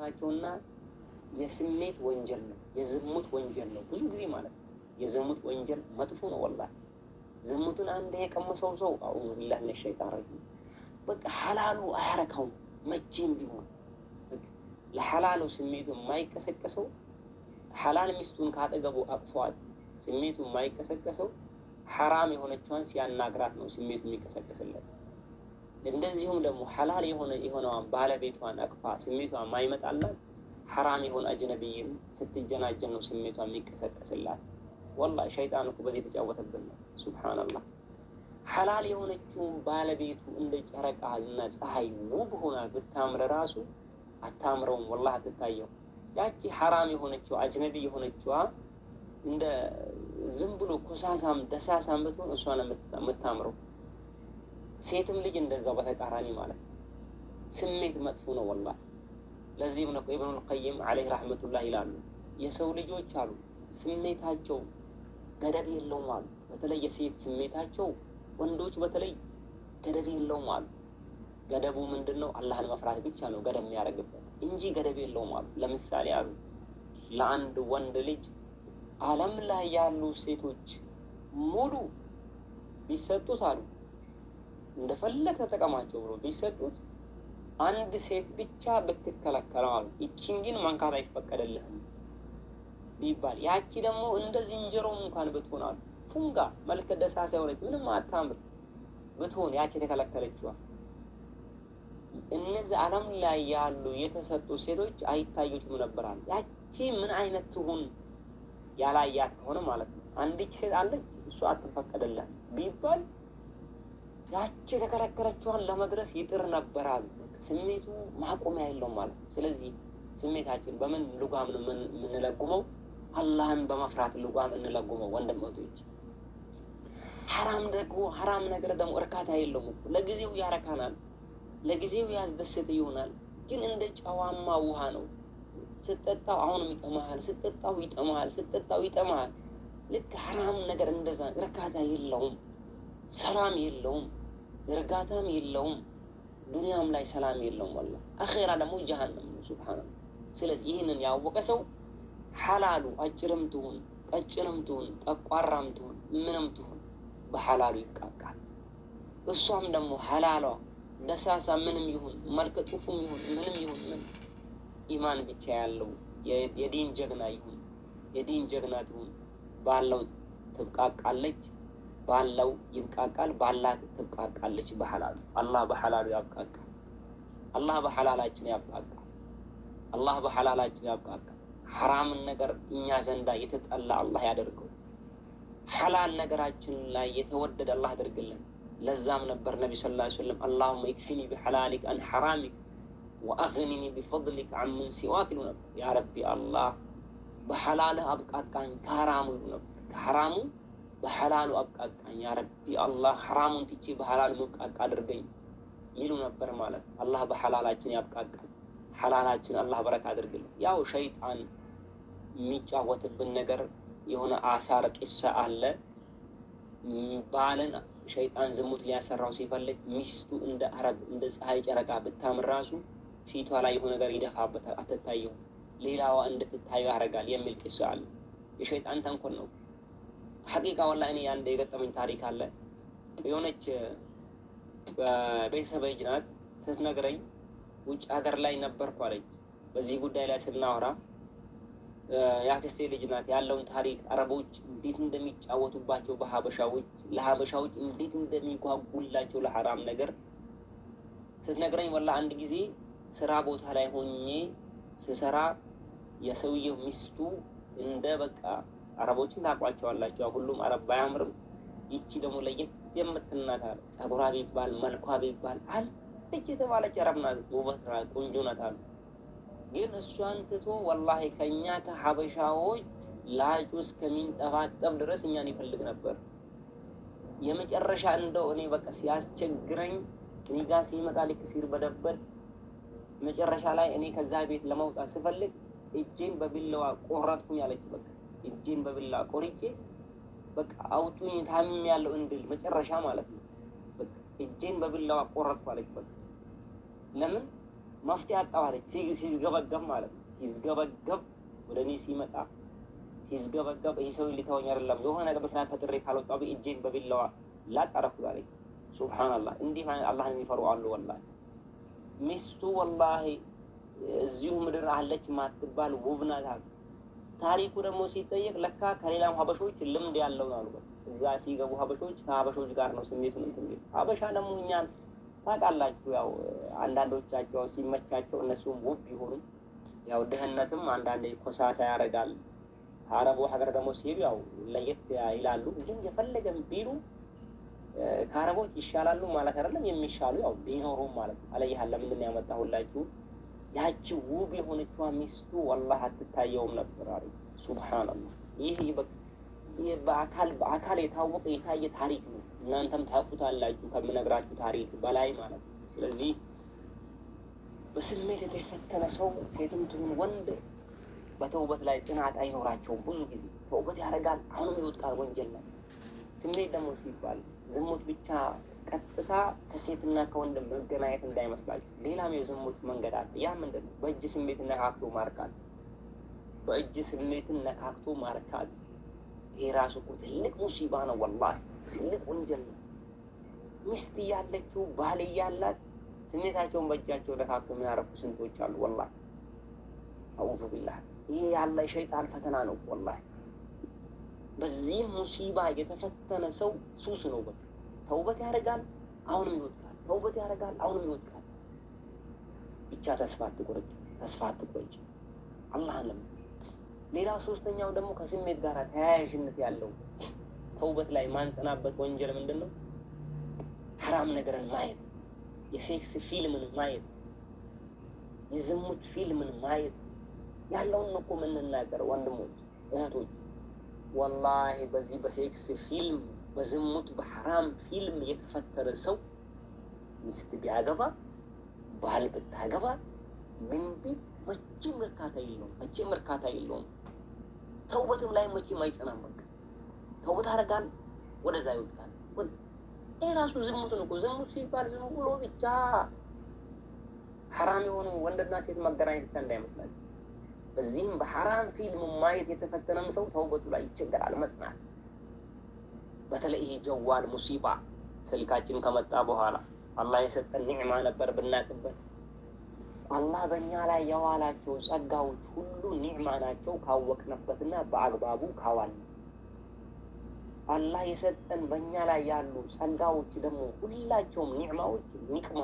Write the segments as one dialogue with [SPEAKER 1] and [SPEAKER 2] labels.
[SPEAKER 1] ናቸውና የስሜት ወንጀል ነው፣ የዝሙት ወንጀል ነው። ብዙ ጊዜ ማለት ነው የዝሙት ወንጀል መጥፎ ነው። ወላሂ ዝሙቱን አንድ የቀመሰው ሰው አሁን ቢላህ ለሸይጣን ረጅም በቃ ሐላሉ አያረካውም መቼም ቢሆን ለሐላሉ ስሜቱ የማይቀሰቀሰው ሐላል ሚስቱን ካጠገቡ አቅፏት ስሜቱ የማይቀሰቀሰው ሐራም የሆነችዋን ሲያናግራት ነው ስሜቱ የሚቀሰቀስለት። እንደዚሁም ደግሞ ሐላል የሆነ የሆነዋን ባለቤቷን አቅፋ ስሜቷ ማይመጣላት ሐራም የሆነ አጅነቢይም ስትጀናጀን ነው ስሜቷ የሚቀሰቀስላት። ወላሂ ሸይጣን እኮ በዚህ የተጫወተብን ነው። ሱብሓነላህ። ሐላል የሆነችውን ባለቤቱ እንደ ጨረቃ እና ፀሐይ ውብ ሆና ብታምር ራሱ አታምረውም፣ ወላሂ አትታየው። ያቺ ሐራም የሆነችው አጅነቢ የሆነችዋ እንደ ዝም ብሎ ኮሳሳም ደሳሳም ብትሆን እሷ የምታምረው። ሴትም ልጅ እንደዛው በተቃራኒ ማለት ነው። ስሜት መጥፎ ነው ወላሂ። ለዚህም ነው ኢብኑል ቀይም ዓለይህ ረህመቱላህ ይላሉ የሰው ልጆች አሉ ስሜታቸው ገደብ የለውም አሉ። በተለይ የሴት ስሜታቸው ወንዶች በተለይ ገደብ የለውም አሉ። ገደቡ ምንድን ነው? አላህን መፍራት ብቻ ነው ገደብ የሚያደርግበት እንጂ ገደብ የለውም አሉ። ለምሳሌ አሉ ለአንድ ወንድ ልጅ ዓለም ላይ ያሉ ሴቶች ሙሉ ቢሰጡት አሉ እንደፈለግ ተጠቀማቸው ብሎ ቢሰጡት አንድ ሴት ብቻ ብትከለከለው አሉ ይችን ግን ማንካት አይፈቀደልህም ቢባል ያቺ ደግሞ እንደ ዝንጀሮም እንኳን ብትሆን አሉ ፉንጋ መልክ ደሳሳ የሆነች ምንም አታምር ብትሆን ያቺ የተከለከለችዋ እነዚህ ዓለም ላይ ያሉ የተሰጡ ሴቶች አይታዩትም ነበራል። ያቺ ምን አይነት ትሁን ያላያት ከሆነ ማለት ነው። አንዲች ሴት አለች እሱ አትፈቀደላት ቢባል ያቺ የተከለከለችዋን ለመድረስ ይጥር ነበር አሉ። ስሜቱ ማቆሚያ የለውም ማለት ነው። ስለዚህ ስሜታችን በምን ልጓም የምንለጉመው? አላህን በመፍራት ልጓም እንለጉመው ወንድመቶች። ሐራም ደግሞ ሐራም ነገር ደግሞ እርካታ የለውም ለጊዜው ያረካናል፣ ለጊዜው ያስደስት ይሆናል። ግን እንደ ጨዋማ ውሃ ነው። ስጠጣው አሁንም ይጠማሃል፣ ስጠጣው ይጠማሃል፣ ስጠጣው ይጠማሃል። ልክ ሐራም ነገር እንደዛ እርካታ የለውም፣ ሰላም የለውም። እርጋታም የለውም። ዱንያም ላይ ሰላም የለውም። ወላ አኼራ ደግሞ ጀሃነም ነው። ሱብሓነላህ። ስለዚህ ይህንን ያወቀ ሰው ሐላሉ አጭርም ትሁን ቀጭርም ትሁን ጠቋራም ትሁን ምንም ትሁን በሐላሉ ይቃቃል። እሷም ደግሞ ሐላሏ ደሳሳ ምንም ይሁን መልከ ጡፉም ይሁን ምንም ይሁን ምን ኢማን ብቻ ያለው የዲን ጀግና ይሁን የዲን ጀግና ትሁን ባለው ትብቃቃለች። ባላው ይብቃቃል፣ ባላ ትብቃቃለች። በሐላሉ አላህ በሐላሉ ያብቃቃል። አላህ በሐላላችን ያብቃቃል። አላህ በሐላላችን ያብቃቃል። ሐራምን ነገር እኛ ዘንዳ የተጠላ አላህ ያደርገው፣ ሐላል ነገራችን ላይ የተወደደ አላህ ያደርግልን። ለዛም ነበር ነቢ ሰለላሁ ዐለይሂ ወሰለም አላሁመ ይክፊኒ ቢሐላሊክ አን ሐራሚክ ወአግኒኒ ቢፈድሊክ አምን ሲዋክ ይሉ ነበር። ያ ረቢ አላህ በሐላልህ አብቃቃኝ ከሐራሙ ይሉ ነበር ከሐራሙ በሐላሉ አብቃቃኝ ያ ረቢ አላህ ሐራሙን ትቼ በሐላሉ መብቃቃ አድርገኝ ይሉ ነበር ማለት አላህ በሐላላችን ያብቃቃል ሐላላችን አላህ በረካ አድርግልን ያው ሸይጣን የሚጫወትብን ነገር የሆነ አሳር ቂሳ አለ ባልን ሸይጣን ዝሙት ሊያሰራው ሲፈልግ ሚስቱ እንደ አረብ እንደ ፀሐይ ጨረቃ ብታምር ራሱ ፊቷ ላይ የሆነ ነገር ይደፋበታል አትታየውም ሌላዋ እንድትታየው ያደርጋል የሚል ቂሳ አለ የሸይጣን ተንኮል ነው ሀቂቃ ወላ እኔ አንድ የገጠመኝ ታሪክ አለ። የሆነች በቤተሰብ ልጅ ናት ስትነግረኝ ውጭ ሀገር ላይ ነበርኩ አለች። በዚህ ጉዳይ ላይ ስናወራ የአክስቴ ልጅ ናት ያለውን ታሪክ አረቦች እንዴት እንደሚጫወቱባቸው በሀበሻዎች ለሀበሻዎች እንዴት እንደሚጓጉላቸው ለሀራም ነገር ስትነግረኝ ወላ አንድ ጊዜ ስራ ቦታ ላይ ሆኜ ስሰራ የሰውየው ሚስቱ እንደ በቃ አረቦችን ታውቋቸዋላችሁ። ሁሉም አረብ ባያምርም ይቺ ደግሞ ለየት የምትናት አሉ። ጸጉሯ ቢባል መልኳ ቢባል አለች የተባለች አረብ ናት። ውበት ናት፣ ቆንጆ ናት አሉ። ግን እሷን ትቶ ወላሂ ከእኛ ከሀበሻዎች ላጩ እስከሚንጠፋጠብ ድረስ እኛን ይፈልግ ነበር። የመጨረሻ እንደው እኔ በቃ ሲያስቸግረኝ እኔ ጋር ሲመጣ ልክ ሲርበደበድ መጨረሻ ላይ እኔ ከዛ ቤት ለመውጣት ስፈልግ እጄን በቢላዋ ቆረጥኩኝ አለች በቃ እጄን በብላ ቆርጬ በቃ አውጡኝ ታምም ያለው እንድል መጨረሻ ማለት ነው። በቃ እጄን በብላው አቆረጥኩ አለች። በቃ ለምን መፍትሄ አጣሁ አለች። ሲዝገበገብ ማለት ነው። ሲዝገበገብ ወደ እኔ ሲመጣ ሲዝገበገብ ይህ ሰው ሊተወኝ አይደለም፣ የሆነ ምክንያት ተጥሬ ካልወጣሁ እጄን በብላዋ ላጠረኩ አለች። ሱብሓነላህ እንዲህ አላህን የሚፈሩ አሉ። ወላ ሚስቱ ወላ እዚሁ ምድር አለች ማትባል ውብ ናት። ታሪኩ ደግሞ ሲጠየቅ ለካ ከሌላም ሀበሾች ልምድ ያለው አሉ። እዛ ሲገቡ ሀበሾች ከሀበሾች ጋር ነው ስሜቱ ሚ ሀበሻ ደግሞ እኛን ታውቃላችሁ፣ ያው አንዳንዶቻቸው ሲመቻቸው እነሱም ውብ ቢሆኑም ያው ድህነትም አንዳንዴ ኮሳሳ ያደርጋል። አረቡ ሀገር ደግሞ ሲሄዱ ያው ለየት ይላሉ። ግን የፈለገም ቢሉ ከአረቦች ይሻላሉ ማለት አይደለም። የሚሻሉ ያው ቢኖሩም ማለት አለይህ ለምንድን ያመጣሁላችሁ ያቺ ውብ የሆነችዋ ሚስቱ ወላህ አትታየውም ነበር አለ። ሱብሓነላህ። ይህ በአካል በአካል የታወቀ የታየ ታሪክ ነው። እናንተም ታውቁታላችሁ ከምነግራችሁ ታሪክ በላይ ማለት ነው። ስለዚህ በስሜት የተፈተነ ሰው ሴትም ትሁን ወንድ በተውበት ላይ ጽናት አይኖራቸውም። ብዙ ጊዜ ተውበት ያደርጋል፣ አሁንም ይወጥቃል ወንጀል ነው ስሜት ደግሞ ሲባል ዝሙት ብቻ ቀጥታ ከሴትና ከወንድ መገናኘት እንዳይመስላችሁ፣ ሌላም የዝሙት መንገድ አለ። ያ ምንድን ነው? በእጅ ስሜት ነካክቶ ማርካት። በእጅ ስሜትን ነካክቶ ማርካት፣ ይሄ ራሱ እኮ ትልቅ ሙሲባ ነው። ወላሂ ትልቅ ወንጀል ነው። ሚስት እያለችው ባል እያላት ስሜታቸውን በእጃቸው ነካክቶ የሚያረኩ ስንቶች አሉ። ወላሂ አዑዙ ቢላህ። ይሄ ያለ ሸይጣን ፈተና ነው ወላሂ በዚህ ሙሲባ የተፈተነ ሰው ሱስ ነው። በቃ ተውበት ያደርጋል፣ አሁንም ይወድቃል። ተውበት ያደርጋል፣ አሁንም ይወድቃል። ብቻ ተስፋ አትቆርጥ፣ ተስፋ አትቆርጭ። አላህ ሌላ ሶስተኛው ደግሞ ከስሜት ጋር ተያያዥነት ያለው ተውበት ላይ ማንጸናበት ወንጀል ምንድን ነው? ሐራም ነገርን ማየት፣ የሴክስ ፊልምን ማየት፣ የዝሙት ፊልምን ማየት። ያለውን እኮ የምንናገር ወንድሞች እህቶች ወላሂ በዚህ በሴክስ ፊልም በዝሙት በሐራም ፊልም የተፈተረ ሰው ሚስት ቢያገባ ባል ብታገባ ምን ቢል መቼም እርካታ የለውም። መቼም እርካታ የለውም። ተውበትም ላይ መቼም አይጸናም። በቃ ተውበት አደርጋለሁ ወደዛ ይወጣል። ይህ ራሱ ዝሙት ነው እኮ። ዝሙት ሲባል ዝም ብሎ ብቻ ሐራም የሆኑ ወንድና ሴት መገናኘት ብቻ እንዳይመስላችሁ። በዚህም በሐራም ፊልም ማየት የተፈተነም ሰው ተውበቱ ላይ ይቸገራል። መጽናት በተለይ ይሄ ጀዋል ሙሲባ ስልካችን ከመጣ በኋላ አላህ የሰጠን ኒዕማ ነበር ብናቅበት። አላህ በእኛ ላይ የዋላቸው ጸጋዎች ሁሉ ኒዕማ ናቸው ካወቅነበትና በአግባቡ ካዋል። አላህ የሰጠን በእኛ ላይ ያሉ ጸጋዎች ደግሞ ሁላቸውም ኒዕማዎች ኒቅማ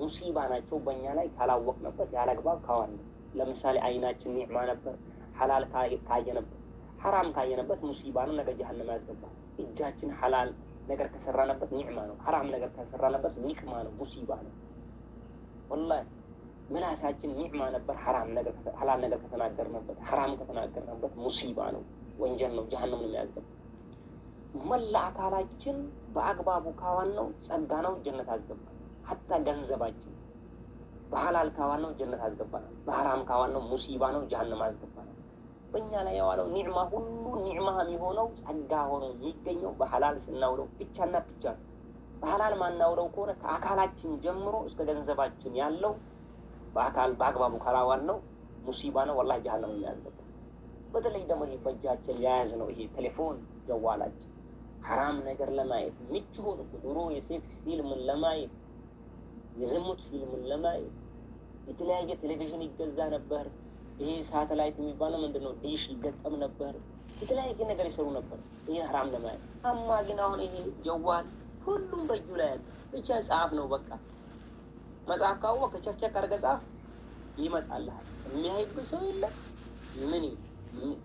[SPEAKER 1] ሙሲባ ናቸው በእኛ ላይ ካላወቅንበት ያለ አግባብ ካዋል ለምሳሌ አይናችን ኒዕማ ነበር፣ ሐላል ካየነበት ሐራም ካየነበት ሙሲባ ነው፣ ነገ ጀሀነም ያስገባል። እጃችን ሐላል ነገር ከሰራነበት ኒዕማ ነው፣ ሐራም ነገር ከሰራነበት ኒቅማ ነው፣ ሙሲባ ነው። ወላሂ ምላሳችን ኒዕማ ነበር፣ ሐላል ነገር ከተናገርነበት ሐራም ከተናገርነበት ሙሲባ ነው፣ ወንጀል ነው፣ ጀሀነም ነው የሚያስገባ። መላ አካላችን በአግባቡ ካዋን ነው ጸጋ ነው፣ ጀነት አስገባ። ሀታ ገንዘባችን በሀላል ካዋል ነው ጀነት አስገባናል። በሀራም ካዋል ነው ሙሲባ ነው ጀሀነም አስገባናል። በእኛ ላይ የዋለው ኒዕማ ሁሉ ኒዕማ የሚሆነው ጸጋ ሆኖ የሚገኘው በሀላል ስናውለው ብቻና ብቻ ነው። በሀላል ማናውለው ከሆነ ከአካላችን ጀምሮ እስከ ገንዘባችን ያለው በአካል በአግባቡ ካላዋል ነው ሙሲባ ነው፣ ወላሂ ጀሀነም የሚያስገባ በተለይ ደግሞ ይሄ በእጃችን የያዝ ነው ይሄ ቴሌፎን ዘዋላችን ሀራም ነገር ለማየት ምቹ ሆኖ ድሮ የሴክስ ፊልምን ለማየት የዝሙት ፊልምን ለማየት የተለያየ ቴሌቪዥን ይገዛ ነበር። ይሄ ሳተላይት የሚባለው ምንድን ነው? ዲሽ ይገጠም ነበር። የተለያየ ነገር ይሰሩ ነበር፣ ይሄ ሀራም ለማየት። አማ ግን አሁን ይሄ ጀዋል ሁሉም በእጁ ላይ ያለ ብቻ ጻፍ ነው በቃ። መጽሐፍ ካወ ከቸክቸክ አርገ ጻፍ ይመጣልሃል። የሚያይብ ሰው የለም። ምን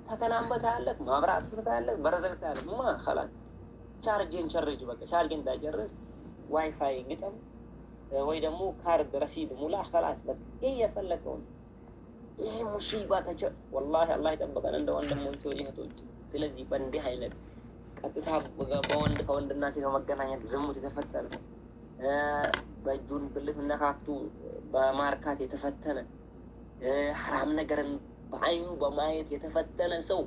[SPEAKER 1] ተከናንበት ያለህ ማብራት ፍታ ያለህ በረዘግታ ያለህ ማ ቻርጅን ቸርጅ በቃ ቻርጅን እንዳጨርስ ዋይፋይ ግጠም ወይ ደግሞ ካርድ ረሲድ ሙላ ከላስ በቃ ይህ ይህ ሙሲባ ተቸ ወላሂ አላህ ይጠብቀን እንደ ወንድሞች እህቶች። ስለዚህ በእንዲህ አይነት ቀጥታ በወንድ ከወንድና ሴት በመገናኘት ዝሙት የተፈተነ በእጁን ብልት ነካክቱ በማርካት የተፈተነ ሐራም ነገርን በአይኑ በማየት የተፈተነ ሰው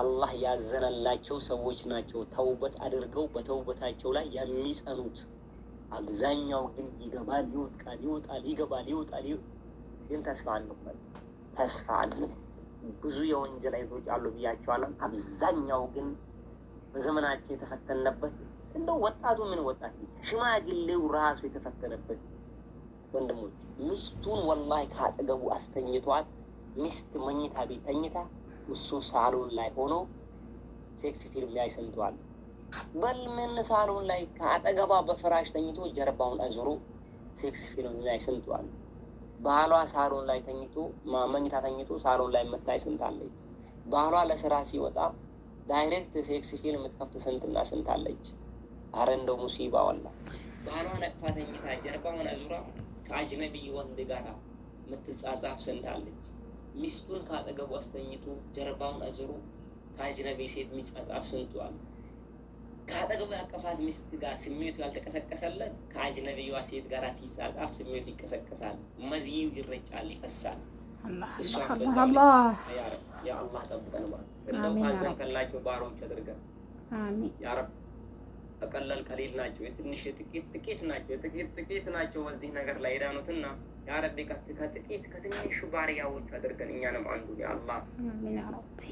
[SPEAKER 1] አላህ ያዘነላቸው ሰዎች ናቸው። ተውበት አድርገው በተውበታቸው ላይ የሚጸኑት አብዛኛው ግን ይገባል፣ ይወድቃል፣ ይወጣል፣ ይገባል፣ ይወጣል። ግን ተስፋ አንቆርጥ፣ ተስፋ አለ። ብዙ የወንጀል አይነቶች አሉ ብያቸዋለን። አብዛኛው ግን በዘመናችን የተፈተነበት እንደው ወጣቱ ምን ወጣት ሽማግሌው ራሱ የተፈተነበት ወንድሞች፣ ሚስቱን ወላሂ ከአጠገቡ አስተኝቷት ሚስት መኝታ ቤት ተኝታ እሱ ሳሎን ላይ ሆኖ ሴክስ ፊልም ላይ ሰምተዋል። በልምን ሳሎን ላይ ከአጠገቧ በፍራሽ ተኝቶ ጀርባውን አዙሮ ሴክስ ፊልም ላይ ስንቷል። ባህሏ ሳሎን ላይ ተኝቶ መኝታ ተኝቶ ሳሎን ላይ የምታይ ስንታለች። ባህሏ ለስራ ሲወጣ ዳይሬክት ሴክስ ፊልም የምትከፍት ስንትና ስንታለች። አረ እንደው ሙሲባ ዋላ። ባህሏ ነቅፋ ተኝታ ጀርባውን አዙራ ከአጅነቢ ወንድ ጋር የምትጻጻፍ ስንታለች። ሚስቱን ከአጠገቧ አስተኝቶ ጀርባውን አዝሮ ከአጅነቢ ሴት የሚጻጻፍ ስንቷል። ከአጠገቡ ያቀፋት ሚስት ጋር ስሜቱ ያልተቀሰቀሰለት ከአጅነቢዋ ሴት ጋር ሲሳቃፍ ስሜቱ ይቀሰቀሳል፣ መዝዩ ይረጫል፣ ይፈሳል።
[SPEAKER 2] የአላህ ጠብቀን ማለት እንደው ባሮች አድርገን ያረብ ተቀለል ከሌል ናቸው፣ የትንሽ የጥቂት ጥቂት ናቸው፣ የጥቂት ጥቂት ናቸው በዚህ ነገር ላይ የዳኑትና ያ ረቢ ከጥቂት ከትንሹ ባሪያዎች አድርገን እኛንም
[SPEAKER 1] አንዱ አላህ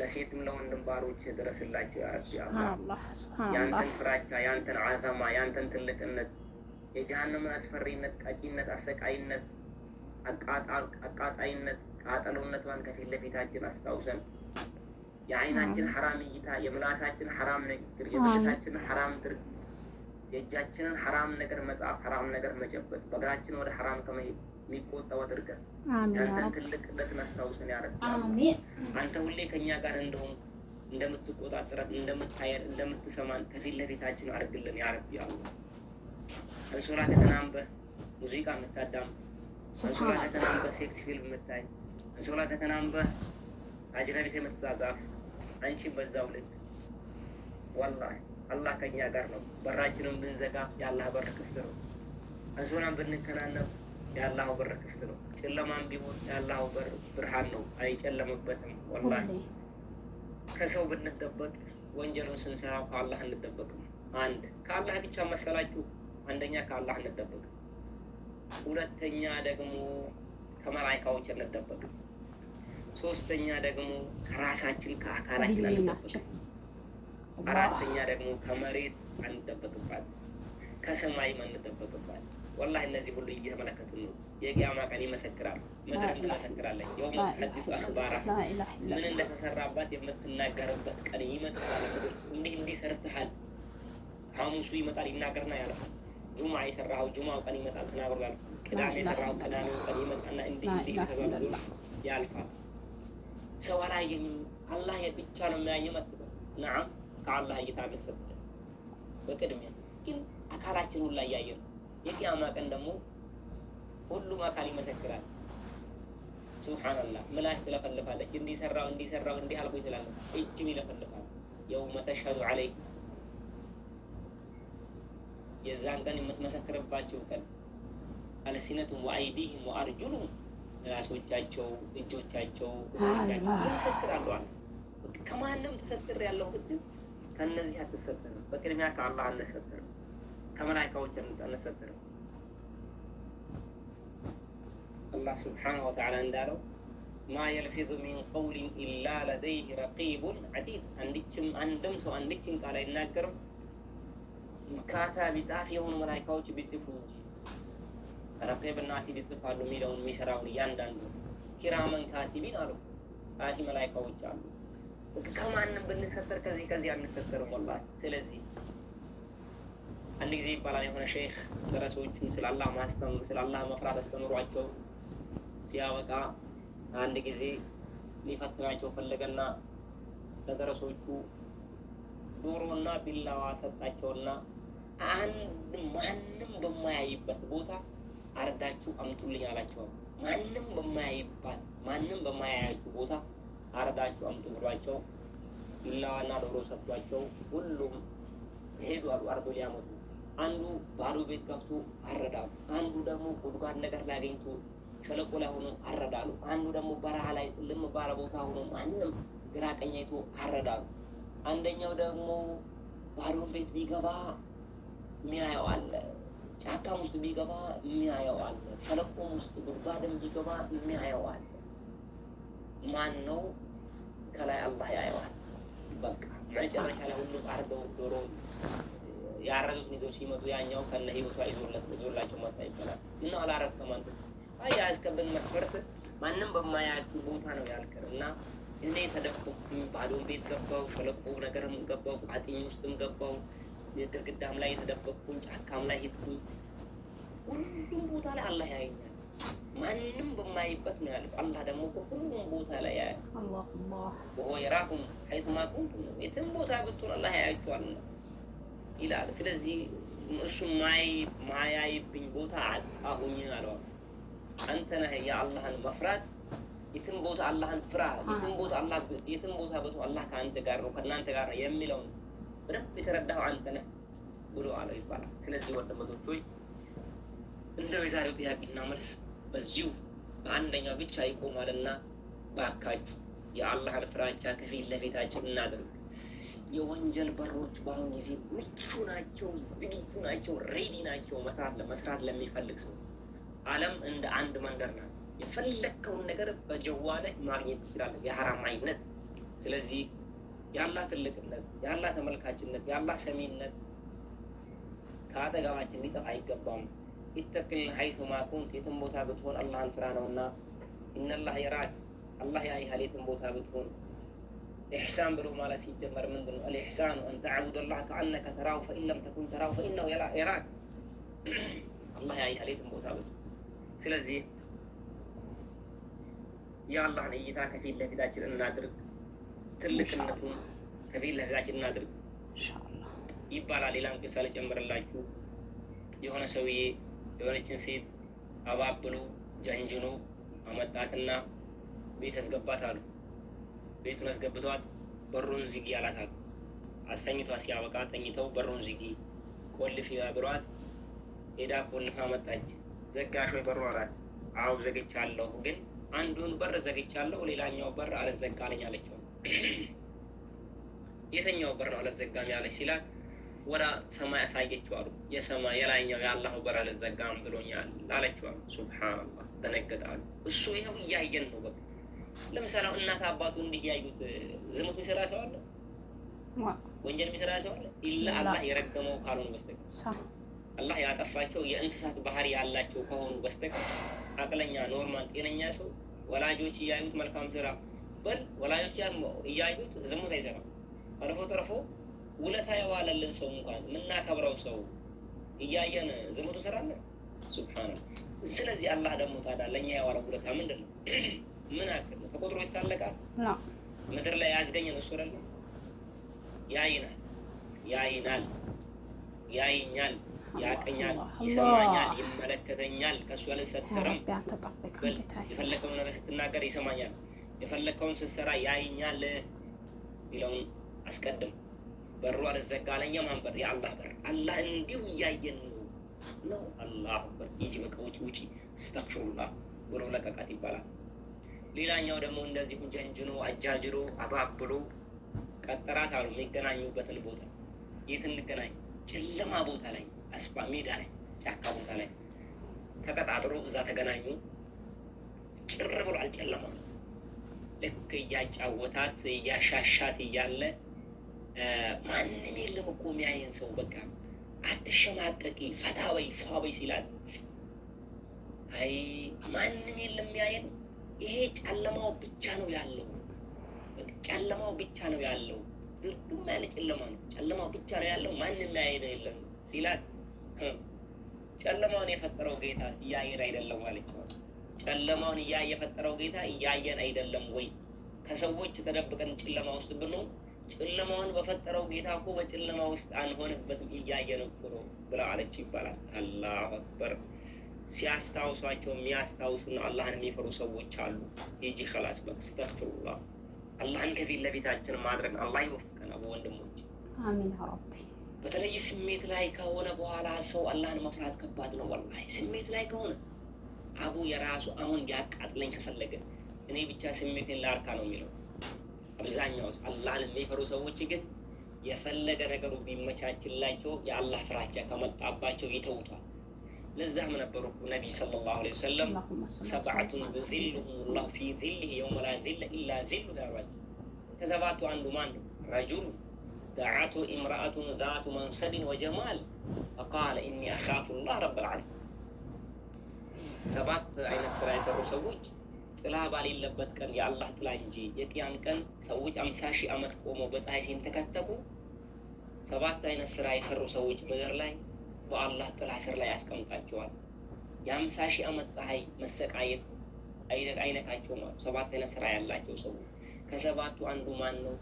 [SPEAKER 2] ለሴትም ለወንድም ባሮች ድረስላቸው። ያ ያንተን ፍራቻ፣ ያንተን አዘማ፣ ያንተን ትልቅነት፣ የጀሃነምን አስፈሪነት፣ ቀጪነት፣ አሰቃይነት፣ አቃጣይነት፣ ቃጠሎነቷን ከፊት ለፊታችን አስታውሰን የአይናችን ሐራም እይታ፣ የምላሳችን ሐራም ንግግር፣ የብልታችን ሐራም ድርጊት፣ የእጃችንን ሐራም ነገር መጻፍ፣ ሐራም ነገር መጨበጥ፣ በእግራችን ወደ ሐራም ከመሄድ የሚቆጣው አድርገን ያንተን ትልቅነትን አስታውሰን ያረግል። አንተ ሁሌ ከእኛ ጋር እንደሆን እንደምትቆጣጠረን፣ እንደምታየን፣ እንደምትሰማን ከፊት ለፊታችን አድርግልን ያረብ ያሉ አንሶላ ከተናንበህ ሙዚቃ የምታዳምጥ አንሶላ ከተናንበህ ሴክስ ፊልም የምታይ አንሶላ ከተናንበህ አጅነቢስ የምትጻጻፍ አንቺን በዛው ልክ ወላሂ አላህ ከኛ ጋር ነው። በራችንም ብንዘጋ የአላህ በር ክፍት ነው። አንሶላን ብንከናነብ የአላህ በር ክፍት ነው። ጨለማም ቢሆን የአላህ በር ብርሃን ነው፣ አይጨለምበትም። ወላሂ ከሰው ብንደበቅ ወንጀሉን ስንሰራ ከአላህ እንደበቅም። አንድ ከአላህ ብቻ መሰላችሁ። አንደኛ ከአላህ እንደበቅ፣ ሁለተኛ ደግሞ ከመላይካዎች እንደበቅ፣ ሶስተኛ ደግሞ ከራሳችን
[SPEAKER 1] ከአካላችን አንደበቅም፣
[SPEAKER 2] አራተኛ ደግሞ ከመሬት አንደበቅባት፣ ከሰማይም አንደበቅባት ወላሂ እነዚህ ሁሉ እየተመለከቱን ነው። የቂያማ ቀን ይመሰክራል፣ ምድርም ትመሰክራለች። የውም ተሐዲሱ አክባራ
[SPEAKER 1] ምን
[SPEAKER 2] እንደተሰራባት የምትናገርበት ቀን ይመጣል። እንዲህ እንዲህ ሰርተሃል። ሐሙሱ ይመጣል ይናገርና ያለ ጁሙዓ የሰራኸው ጁሙዓው ቀን ይመጣል ተናግሯል። ቅዳሜ የሰራኸው ቅዳሜው ቀን
[SPEAKER 1] ይመጣና እንዲህ እንዲህ
[SPEAKER 2] ተባብሎ ያልፋል። ሰው አላየኝም፣ አላህ ብቻ ነው የሚያየው። መጥቶ ነዓም ከአላህ እይታ ገሰብ በቅድሚያ ግን አካላችን ሁላ እያየ ነው የቅያማ ቀን ደግሞ ሁሉም አካል ይመሰክራል። ሱብሓነላህ ምላስ ትለፈልፋለች። እንዲሰራው እንዲሰራው እንዲህ አልኩ ይችላል። እጅም ይለፈልፋል። የውመ ተሽሀዱ ዐለይህ የዛን ቀን የምትመሰክርባቸው ቀን አልሲነቱም ወአይዲህም ወአርጁሉም ምላሶቻቸው፣
[SPEAKER 1] እጆቻቸው
[SPEAKER 2] ይመሰክራሉ። ከማንም ተሰክር ያለው ህግ ከእነዚህ አትሰትርም። በቅድሚያ ከአላህ አንሰትር ከመላይካዎች አንሰጥርም። አላህ ስብሓነሁ ወተዓላ እንዳለው ማ የልፊዙ ሚን ቀውሊን ኢላ ለደይህ ረቂቡን ዐቲድ። አንድችም አንድም ሰው አንድችን ቃል አይናገርም ካታ ቢጻፍ የሆኑ መላይካዎች ቢጽፉ እንጂ ረቂብና ዐቲድ ይጽፋሉ የሚለውን የሚሰራውን እያንዳንዱ ኪራመን ካቲቢን አሉ ጸሐፊ መላይካዎች አሉ። ከማንም ብንሰጥር ከዚህ ከዚህ አንሰጥርም ወላሂ ስለዚህ አንድ ጊዜ ይባላል የሆነ ሼክ ሰዎችን ስላላ አላህ ማስተም ስለ መፍራት አስተምሯቸው ሲያበቃ አንድ ጊዜ ሊፈትናቸው ፈለገና ለደረሶቹ ዶሮና ቢላዋ ሰጣቸውና አንድ ማንም በማያይበት ቦታ አርዳችሁ አምጡልኝ አላቸው። ማንም በማያይባት ማንም በማያያችሁ ቦታ አርዳችሁ አምጡ ብሏቸው ቢላዋና ዶሮ ሰጥቷቸው ሁሉም ሄዱ አሉ አርዶ ሊያመጡ አንዱ ባዶ ቤት ገብቶ አረዳሉ፣ አንዱ ደግሞ ጉድጓድ ነገር ላይ አገኝቶ ሸለቆ ላይ ሆኖ አረዳሉ፣ አንዱ ደግሞ በረሃ ላይ ልም ባለ ቦታ ሆኖ ማንም ግራ ቀኝ አይቶ አረዳሉ። አንደኛው ደግሞ ባዶን ቤት ቢገባ ሚያየው አለ፣ ጫካም ውስጥ ቢገባ ሚያየው አለ፣ ሸለቆም ውስጥ ጉድጓድም ቢገባ ሚያየው አለ። ማን ነው ከላይ? አላህ ያየዋል። በቃ መጨረሻ ላይ ሁሉ አርገው ዶሮ ያረዱት ይዘው ሲመጡ ያኛው ከነ ህይወቷ ይዞለት ይዞላቸው መጣ ይባላል እና አላረከም አንተ ያስከብን መስፈርት ማንም በማያያችሁ ቦታ ነው ያልከር እና እኔ ተደፈኩኝ። ባዶን ቤት ገባው፣ ሸለቆ ነገርም ገባው፣ ቋጥኝ ውስጥም ገባው፣ ግድግዳም ላይ የተደፈኩኝ፣ ጫካም ላይ ሄድኩኝ። ሁሉም ቦታ ላይ አላህ ያየኛል። ማንም በማይበት ነው ያልኩ። አላህ ደግሞ በሁሉም ቦታ ላይ ያያል። ወሆ የራኩም ሐይሱማ ኩንቱም የትም ቦታ ብትሆን አላህ ያያችኋል። ይላል። ስለዚህ እሱ ማያይብኝ ቦታ አጣሁኝ አለዋል። አንተ ነህ የአላህን መፍራት የትም ቦታ አላህን ፍራ፣ የትም ቦታ አላህ የትም ቦታ በቶ አላህ ከአንተ ጋር ነው ከእናንተ ጋር ነው የሚለውን በደንብ የተረዳኸው አንተ ነህ ብሎ አለው ይባላል። ስለዚህ ወንድመቶች ሆይ እንደው የዛሬው ጥያቄና መልስ በዚሁ በአንደኛው ብቻ ይቆማልና ባካችሁ የአላህን ፍራቻ ከፊት ለፊታችን እናደርግ። የወንጀል በሮች በአሁኑ ጊዜ ምቹ ናቸው፣ ዝግጁ ናቸው፣ ሬዲ ናቸው መስራት ለመስራት ለሚፈልግ ሰው። አለም እንደ አንድ መንደር ናት። የፈለግከውን ነገር በጀዋ ላይ ማግኘት ትችላለህ፣ የሀራም አይነት። ስለዚህ ያላ ትልቅነት፣ ያላ ተመልካችነት፣ ያላ ሰሚነት ከአጠገባችን ሊጠፋ አይገባም። ኢተቅል ሀይቱማ ኩንት፣ የትም ቦታ ብትሆን አላህን ፍራ ነውና፣ ኢነላህ የራክ አላህ ያይሃል የትም ቦታ ብትሆን ኢሕሳን ብሎ ማለት ሲጀመር ምንድን ነው? አልኢሕሳኑ አን ተዕቡደ ላህ ከአነከ ተራው ፈኢን ተኩን ተራው ፈኢነሁ የራክ። አላህ ያያል ቦታ ብዙ። ስለዚህ የአላህን እይታ ከፊት ለፊታችን እናድርግ፣ ትልቅነቱን ከፊት ለፊታችን እናድርግ ይባላል። ሌላም ቂሳ ልጨምርላችሁ። የሆነ ሰውዬ የሆነችን ሴት አባብሎ ጀንጅኖ አመጣትና ቤት አስገባት አሉ። ቤቱን አስገብተዋት በሩን ዝጊ አላታት። አስተኝቷ ሲያበቃ ተኝተው በሩን ዝጊ ቆልፍ ብሏት ሄዳ ቆልፋ መጣች። ዘጋሽ ወይ በሩ አላት። አው ዘግቻለሁ፣ ግን አንዱን በር ዘግቻለሁ፣ ሌላኛው በር አልዘጋልኝ አለችው። የተኛው በር ነው አልዘጋም ያለች ሲላት ወደ ሰማይ አሳየችው አሉ። የሰማይ የላይኛው የአላሁ በር አልዘጋም ብሎኛል አለችው አሉ። ሱብሓነላህ ተነገጣሉ። እሱ ይኸው እያየን ነው በቃ ለምሳሌ እናት አባቱ እንዲያዩት ዝሙት የሚሰራ ሰው አለ፣ ወንጀል የሚሰራ ሰው አለ። ኢላ አላህ የረገመው
[SPEAKER 1] ካልሆኑ በስተቀር
[SPEAKER 2] አላህ ያጠፋቸው የእንስሳት ባህሪ ያላቸው ከሆኑ በስተቀር አቅለኛ፣ ኖርማል፣ ጤነኛ ሰው ወላጆች እያዩት መልካም ስራ በል ወላጆች እያዩት ዝሙት አይሰራም። አልፎ ተርፎ ውለታ የዋለልን ሰው እንኳን የምናከብረው ሰው እያየን ዝሙት እንሰራለን። ሱብሓነላህ። ስለዚህ አላህ ደግሞ ታዲያ ለእኛ የዋለ ውለታ ምንድን ነው? ምን አቅም ተቆጥሮ ይታለቃል። ምድር ላይ ያዝገኝ ነው እሱ ሱረል ያይናል፣ ያይናል፣ ያይኛል፣ ያቀኛል፣
[SPEAKER 1] ይሰማኛል፣
[SPEAKER 2] ይመለከተኛል። ከእሱ አልሰተርም። የፈለከውን ነገር ስትናገር ይሰማኛል፣ የፈለከውን ስትሰራ ያይኛል የሚለውን አስቀድም። በሩ አልዘጋ ለኛም አንበር የአላህ በር አላህ እንዲሁ እያየን ነው። አላህ አክበር። ይጂ በቃ ውጪ ውጪ። አስተግፊሩላህ ብሎ ለቀቃት ይባላል። ሌላኛው ደግሞ እንደዚሁ ጀንጅኖ አጃጅሮ አባብሎ ቀጠራት አሉ። የሚገናኙበትን ቦታ የት እንገናኝ? ጨለማ ቦታ ላይ አስፋ ሜዳ ላይ ጫካ ቦታ ላይ ተቀጣጥሮ እዛ ተገናኙ። ጭር ብሎ አልጨለማ ልክ እያጫወታት እያሻሻት እያለ ማንም የለም እኮ የሚያየን ሰው በቃ አትሸማቀቂ ፏ ፏወይ ሲላል፣ አይ ማንም የለም የሚያየን ይሄ ጨለማው ብቻ ነው ያለው። ጨለማው ብቻ ነው ያለው። ድርድም ያለ ጨለማ ነው። ጨለማው ብቻ ነው ያለው። ማንም ያይነ የለም ሲላት ጨለማውን የፈጠረው ጌታ እያየን አይደለም ማለት ነው። ጨለማውን እያየ የፈጠረው ጌታ እያየን አይደለም ወይ? ከሰዎች ተደብቀን ጨለማ ውስጥ ብንሆን ጨለማውን በፈጠረው ጌታ እኮ በጨለማ ውስጥ አንሆንበትም፣ እያየን እኮ ነው ብላ አለች ይባላል። አላሁ አክበር ሲያስታውሷቸው የሚያስታውሱና አላህን የሚፈሩ ሰዎች አሉ። ይጂ ከላስ በስተፍሩላ አላህን ከፊት ለፊታችን ማድረግ አላህ ይወፍቀን። አቡ ወንድሞች አሚን ረቢ። በተለይ ስሜት ላይ ከሆነ በኋላ ሰው አላህን መፍራት ከባድ ነው። ወላሂ ስሜት ላይ ከሆነ አቡ የራሱ አሁን ያቃጥለኝ ከፈለገ እኔ ብቻ ስሜትን ላርካ ነው የሚለው አብዛኛው። አላህን የሚፈሩ ሰዎች ግን የፈለገ ነገሩ ቢመቻችላቸው የአላህ ፍራቻ ከመጣባቸው ይተውቷል። ለዛም ነበሩ እኮ ነቢ ሰለላሁ ዐለይሂ ወሰለም ሰብዓቱን ዩዚልሁሙ ላሁ ፊ ዚልህ የውመ ላ ዚለ ኢላ ዚሉ ያሏቸው። ከሰባቱ አንዱ ማን ነው? ረጁሉ ደዓቱ ኢምራአቱን ዛቱ መንሰብን ወጀማል ፈቃለ ኢኒ አኻፉ ላህ ረበል ዓለሚን። ሰባት አይነት ስራ የሰሩ ሰዎች ጥላ ባሌለበት ቀን የአላህ ጥላ እንጂ የቅያም ቀን ሰዎች አምሳ ሺህ ዓመት ቆመው በፀሐይ ሲንተከተኩ ሰባት አይነት ስራ የሰሩ ሰዎች በዘር ላይ በአላህ ጥላ ስር ላይ ያስቀምጣቸዋል። የአምሳ ሺህ ዓመት ፀሐይ መሰቃየት አይነታቸው ነው ሰባት አይነት ስራ ያላቸው ሰዎች ከሰባቱ አንዱ ማን ነው?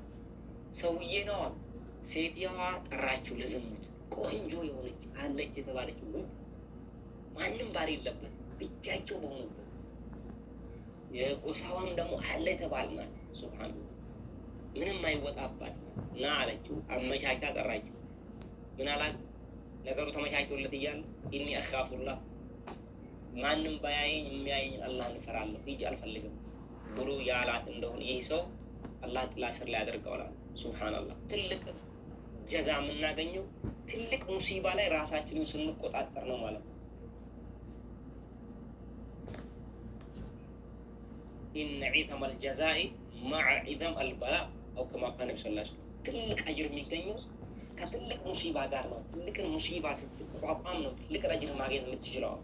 [SPEAKER 2] ሰውዬ ነው ሴትዋ ሴትየዋ ጠራችው ለዝሙት ቆንጆ የሆነች አለች የተባለች ውብ ማንም ባል የለበት ብቻቸው በሆኑበት የጎሳዋም ደግሞ አለ የተባል ናት። ሱብሃን ምንም አይወጣባት እና አለችው። አመቻቻ ጠራችው። ምን አላት? ነገሩ ተመቻችቶለት እያለ ኢኒ አኻፉላህ ማንም ባያይኝ የሚያይኝ አላህ እንፈራለሁ ሂጅ አልፈልግም ብሎ ያላት እንደሆነ ይህ ሰው አላህ ጥላ ስር ላይ ያደርገዋል። ሱብሃነላህ ትልቅ ጀዛ የምናገኘው ትልቅ ሙሲባ ላይ ራሳችንን ስንቆጣጠር ነው ማለት ነው። ኢነ ዒተም አልጀዛኢ ማዕ ዒተም አልበላ አው ከማ ቃለ ነቢ ትልቅ አጅር የሚገኘው ከትልቅ ሙሲባ ጋር ነው። ትልቅን ሙሲባ ስትቋቋም ነው ትልቅ ረጅር ማግኘት የምትችለው።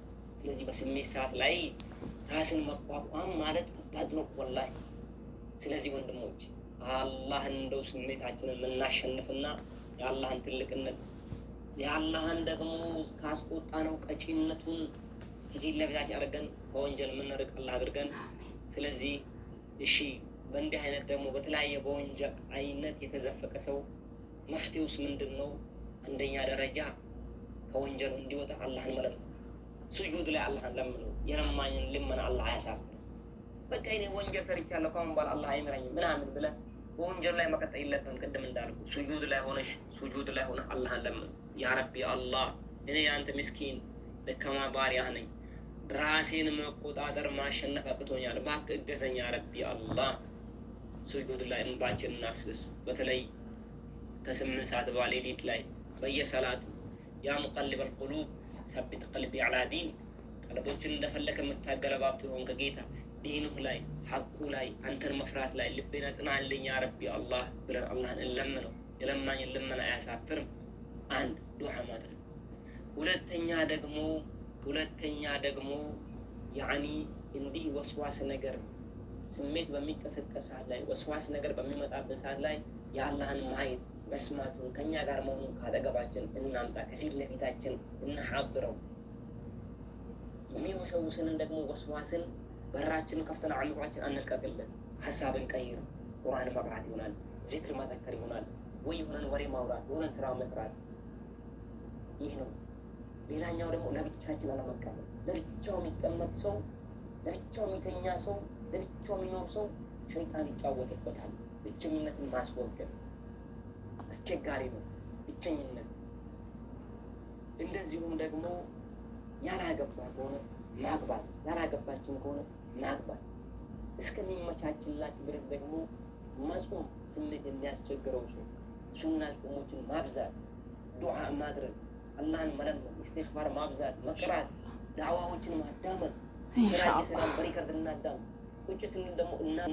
[SPEAKER 2] ስለዚህ በስሜት ሰዓት ላይ ራስን መቋቋም ማለት ከባድ ነው ወላሂ። ስለዚህ ወንድሞች አላህን እንደው ስሜታችንን የምናሸንፍና የአላህን ትልቅነት የአላህን ደግሞ ካስቆጣ ነው ቀጪነቱን ከፊት ለፊታችን አድርገን ከወንጀል የምንርቅ አላህ አድርገን። ስለዚህ እሺ፣ በእንዲህ አይነት ደግሞ በተለያየ በወንጀል አይነት የተዘፈቀ ሰው መፍትሄውስ ምንድን ነው? አንደኛ ደረጃ ከወንጀሉ እንዲወጣ አላህን መለም። ሱጁድ ላይ አላህን ለምነው። የለማኝን ልመና አላህ አያሳፍርም። በቃ እኔ ወንጀል ሰርቻለሁ ከአሁን በኋላ አላህ አይምረኝም ምናምን ብለ በወንጀል ላይ መቀጠል የለብህም። ቅድም እንዳልኩ ሱጁድ ላይ ሆነሽ ሱጁድ ላይ ሆነ አላህን ለምነው። ያ ረቢ አላህ እኔ የአንተ ምስኪን ደካማ ባሪያህ ነኝ። ራሴን መቆጣጠር ማሸነፍ አቅቶኛል። እባክህ እገዘኛ ረቢ አላህ። ሱጁድ ላይ እንባችን እናፍስስ በተለይ ከስምንት ሰዓት በኋላ ሌሊት ላይ በየሰላቱ ያ ሙቀልብ አልቁሉብ ሰቢት ቀልቢ አላ ዲን ቀልቦችን እንደፈለከ የምታገለባብት ሆን ከጌታ ዲንህ ላይ ሐቁ ላይ አንተን መፍራት ላይ ልቤን አጽናልኝ ያ ረቢ አላህ ብለን አላህን እንለምነው። የለማኝን ልመና አያሳፍርም። አንድ ዱዓ ማድረግ ሁለተኛ ደግሞ ሁለተኛ ደግሞ ያኒ እንዲህ ወስዋስ ነገር ስሜት በሚቀሰቀስ ሰዓት ላይ ወስዋስ ነገር በሚመጣበት ሰዓት ላይ የአላህን ማየት መስማቱን ከእኛ ጋር መሆኑን ካጠገባችን እናምጣ፣ ከፊት ለፊታችን እናሓብረው። የሚወሰውስንን ደግሞ ወስዋስን በራችንን ከፍተን አእምሯችን አንልቀቅልን። ሀሳብን ቀይር። ቁርአን መቅራት ይሆናል፣ ዚክር መጠከር ይሆናል፣ ወይ የሆነን ወሬ ማውራት፣ የሆነን ስራ መስራት። ይህ ነው። ሌላኛው ደግሞ ለብቻችን አለመቀመጥ። ለብቻው የሚቀመጥ ሰው፣ ለብቻው የሚተኛ ሰው፣ ለብቻው የሚኖር ሰው ሸይጣን ይጫወትበታል። ብቸኝነትን ማስወገድ አስቸጋሪ ነው ብቸኝነት። እንደዚሁም ደግሞ ያላገባ ከሆነ ማግባት፣ ያላገባችን ከሆነ ማግባት እስከሚመቻችላችሁ ድረስ ደግሞ መጾም ስሜት የሚያስቸግረው ሰው ሱና ጾሞችን ማብዛት፣ ዱዓ ማድረግ፣ አላህን መለመን፣ ኢስቲግፋር ማብዛት፣ መቅራት፣ ዳዕዋዎችን ማዳመጥ፣ ስራ እየሰራን በሪከርድ እናዳም ቁጭ ስንል ደግሞ እና